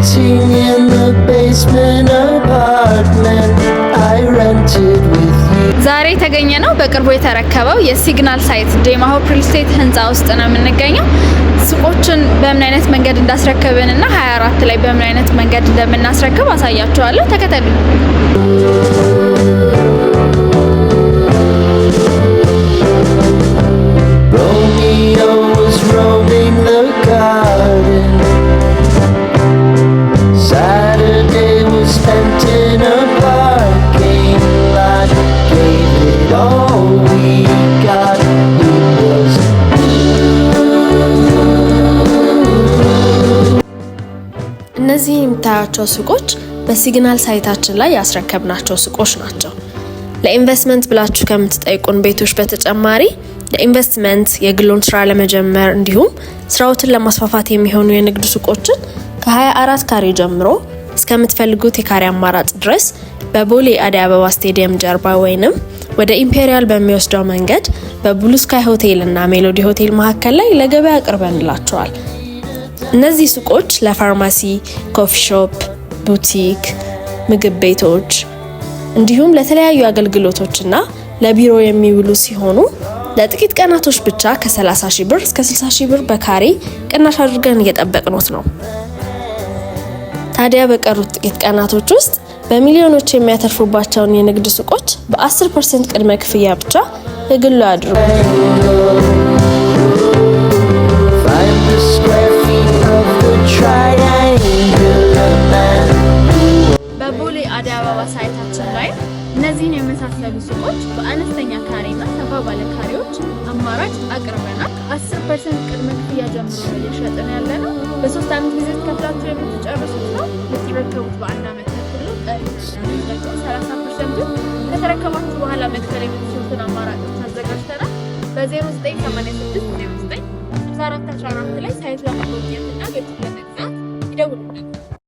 renting in the basement apartment I rented with ዛሬ የተገኘ ነው። በቅርቡ የተረከበው የሲግናል ሳይት ዴማሆ ፕሪልስቴት ህንፃ ውስጥ ነው የምንገኘው። ሱቆችን በምን አይነት መንገድ እንዳስረከብን እና 24 ላይ በምን አይነት መንገድ እንደምናስረክብ አሳያችኋለሁ። ተከተሉ። እነዚህ የምታያቸው ሱቆች በሲግናል ሳይታችን ላይ ያስረከብናቸው ሱቆች ናቸው። ለኢንቨስትመንት ብላችሁ ከምትጠይቁን ቤቶች በተጨማሪ ለኢንቨስትመንት የግሎን ስራ ለመጀመር እንዲሁም ስራዎትን ለማስፋፋት የሚሆኑ የንግድ ሱቆችን ከ24 ካሬ ጀምሮ እስከምትፈልጉት የካሬ አማራጭ ድረስ በቦሌ አደይ አበባ ስቴዲየም ጀርባ ወይንም ወደ ኢምፔሪያል በሚወስደው መንገድ በብሉ ሆቴል እና ሜሎዲ ሆቴል መካከል ላይ ለገበያ አቅርበንላቸዋል። እነዚህ ሱቆች ለፋርማሲ፣ ኮፊ ሾፕ፣ ቡቲክ፣ ምግብ ቤቶች እንዲሁም ለተለያዩ አገልግሎቶችና ለቢሮ የሚውሉ ሲሆኑ ለጥቂት ቀናቶች ብቻ ከ30 ሺህ ብር እስከ 60 ሺህ ብር በካሬ ቅናሽ አድርገን እየጠበቅኖት ነው። ታዲያ በቀሩት ጥቂት ቀናቶች ውስጥ በሚሊዮኖች የሚያተርፉባቸውን የንግድ ሱቆች በ10 ቅድመ ክፍያ ብቻ የግሉ ያድርጉ። አበባ ሳይታችን ላይ እነዚህን የመሳሰሉ ሱቆች በአነስተኛ ካሬና ሰፋ ባለ ካሬዎች አማራጭ አቅርበናል። አስር ፐርሰንት ቅድመ ክፍያ ጀምሮ እየሸጥን ያለ ነው። በሶስት አመት ጊዜ ከፍላችሁ የምትጨርሱት ነው። የምትረከቡት በአንድ አመት ተክሎ ቀሪ ሰላሳ ፐርሰንቱ ከተረከባችሁ በኋላ መክፈል የምትችሉትን አማራጮች አዘጋጅተናል። በዜሮ ዘጠኝ ሰማንያ ስድስት ዜሮ ዘጠኝ አራት አስራ አራት ላይ ሳይት ለመጎብኘትና ቤቱን ለመግዛት ይደውሉልን።